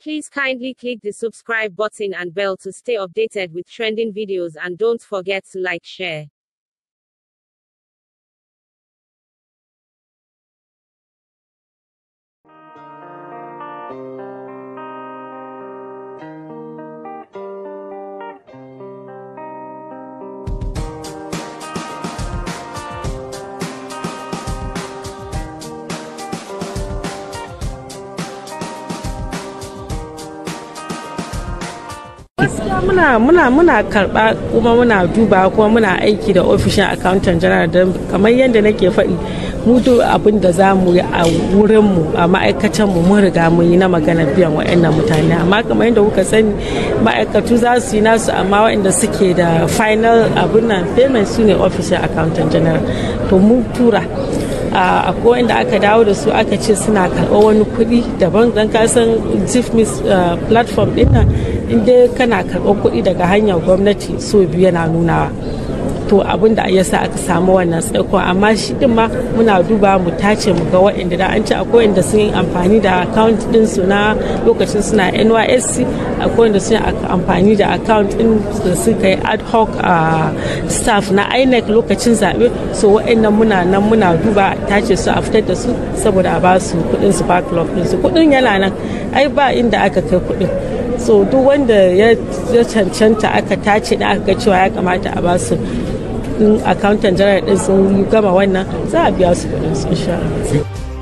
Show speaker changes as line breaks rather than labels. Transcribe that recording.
Please kindly click the subscribe button and bell to stay updated with trending videos and don't forget to like share. muna muna muna karba kuma muna duba kuma muna aiki da ofishin accountant general don kamar yadda nake faɗi mutu abin da za mu yi a wurinmu a ma'aikatan mu mun riga mun yi na magana biyan wa'annan mutane amma kamar yadda kuka sani ma'aikatu za su yi nasu amma waɗanda suke da final abin nan payment su ne ofishin accountant general to mu tura akwai wanda aka dawo da su aka ce suna karɓar wani kuɗi daban dan kasan miss platform ɗin nan inda kana karɓar kuɗi daga hanyar gwamnati so biyu yana nunawa to abin da ya sa aka samu wannan tsaiko amma shi din ma muna duba mu tace mu ga waɗanda da an ci akwai waɗanda sun yi amfani da account din su na lokacin suna NYSC akwai waɗanda sun yi amfani da account din su suka yi ad hoc staff na INEC lokacin zabe so waɗannan muna nan muna duba tace su a fitar da su saboda a ba su kuɗin su backlog din su kuɗin yana nan ai ba inda aka kai kuɗin so duk wanda ya cancanta aka tace da aka ga cewa ya kamata a basu in accountant general din sun gama wannan za a biya su kudin su insha